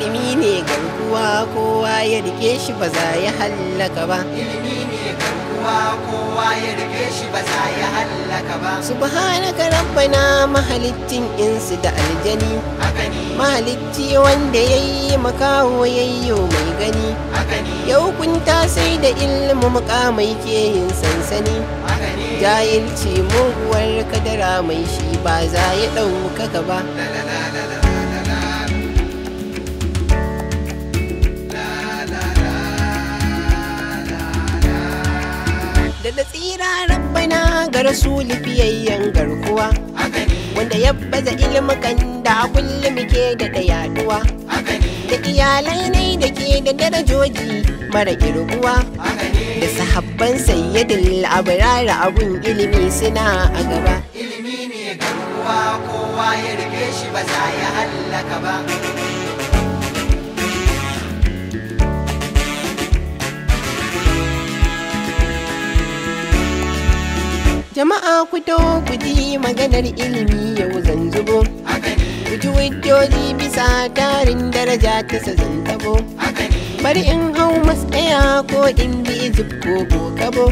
ilimi ne garkuwa kowa ya rike shi ba za ya hallaka ba kowa ya rike shi ba za ya hallaka ba subhanaka rabbana insu da aljani mahalicci wanda ya yi makaho ya yi mai gani ya hukunta sai da ilmu mukamai ke yin sansani jayilci muguwar kadara mai shi ba za ya ɗauka ba da tsira rabbana ga rasuli fiyayyen garkuwa wanda ya baza ilimukan da kullum muke da yaduwa da iyalai ne da ke da darajoji mara girguwa da sahabban sayyadin abirara abun ilimi suna a gaba ilimi ne garkuwa kowa ya rike shi ba za ya hallaka ba jama'a ku to ku ji maganar ilimi yau zan zubo ku ji bisa tarin daraja ta sazan tabo bari in hau matsaya ko in bi zub ko kabo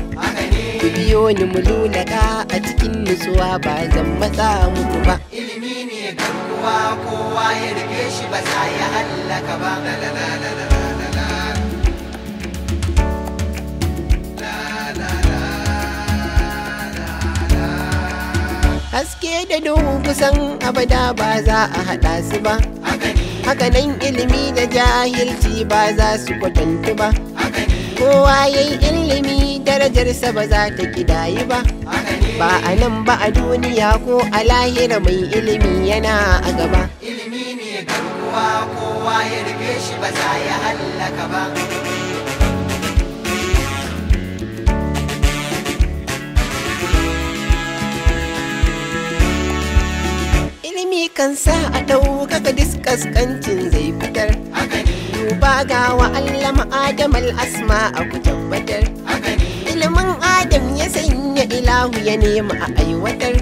ku biyo ni mu lulaka a cikin nutsuwa ba zan matsa muku ba ilimi ne garkuwa kowa ya rike shi ba sa ya hallaka ba haske da duhu kusan abada ba za a haɗa su ba Haka nan, ilimi da jahilci ba za su kwatantu ba kowa ya yi ilimi darajarsa ba za ta kidayi ba ba a nan ba a duniya ko a lahira mai ilimi yana a gaba ilimi ne garkuwa kowa ya rike shi ba za ya hallaka ba mi kan sa a ɗaukaka diskaskancin zai fitar duba ga wa allama adam al'asma a ku tabbatar ilimin adam ya sanya ilahu ya nema a aiwatar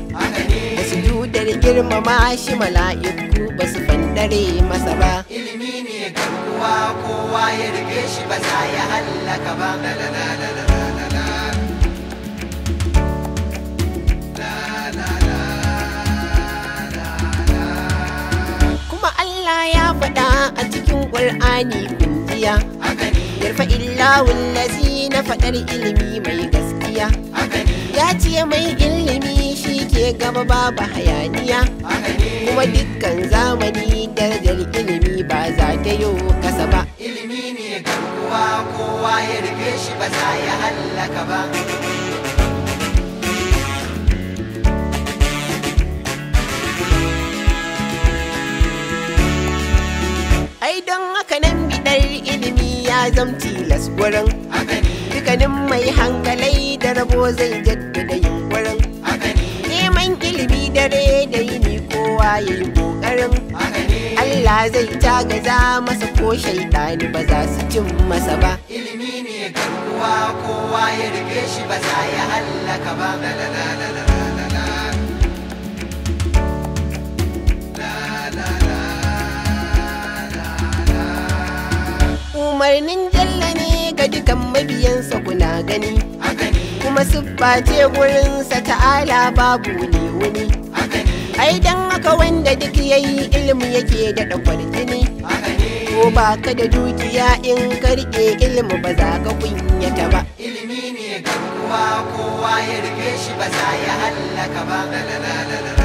da su dudar girmama shi mala'iku ba su fandare masa ba ilimi ne garkuwa kowa ya rike shi ba za ya hallaka ba Qur'ani kungiya yarfa illahun lazi na faɗar ilimi mai gaskiya ya ce mai ilimi shi ke gaba babu hayaniya kuma dukkan zamani darajar ilimi ba za ta yi kasa ba ilimi ne garkuwa kowa ya rufe shi ba za ya hallaka ba ya zam tilas gurin dukanin mai hankalai da rabo zai jaddada yunkurin neman ilimi dare da yini kowa ya yi kokarin Allah zai tagaza masa ko shaidani ba za su cin masa ba ilimi ne garkuwa kowa ya rike shi ba za ya hallaka ba umarnin jalla ne ga dukan mabiyansa kuna gani kuma sifface gurinsa ta'ala babu ne wani ai dan haka wanda duk yayi ilimi yake da dakwar jini ko ba ka da dukiya in karke ilimi ba za ka kunyata ba ilimi ne ga kowa kowa ya rike shi ba za ya hallaka ba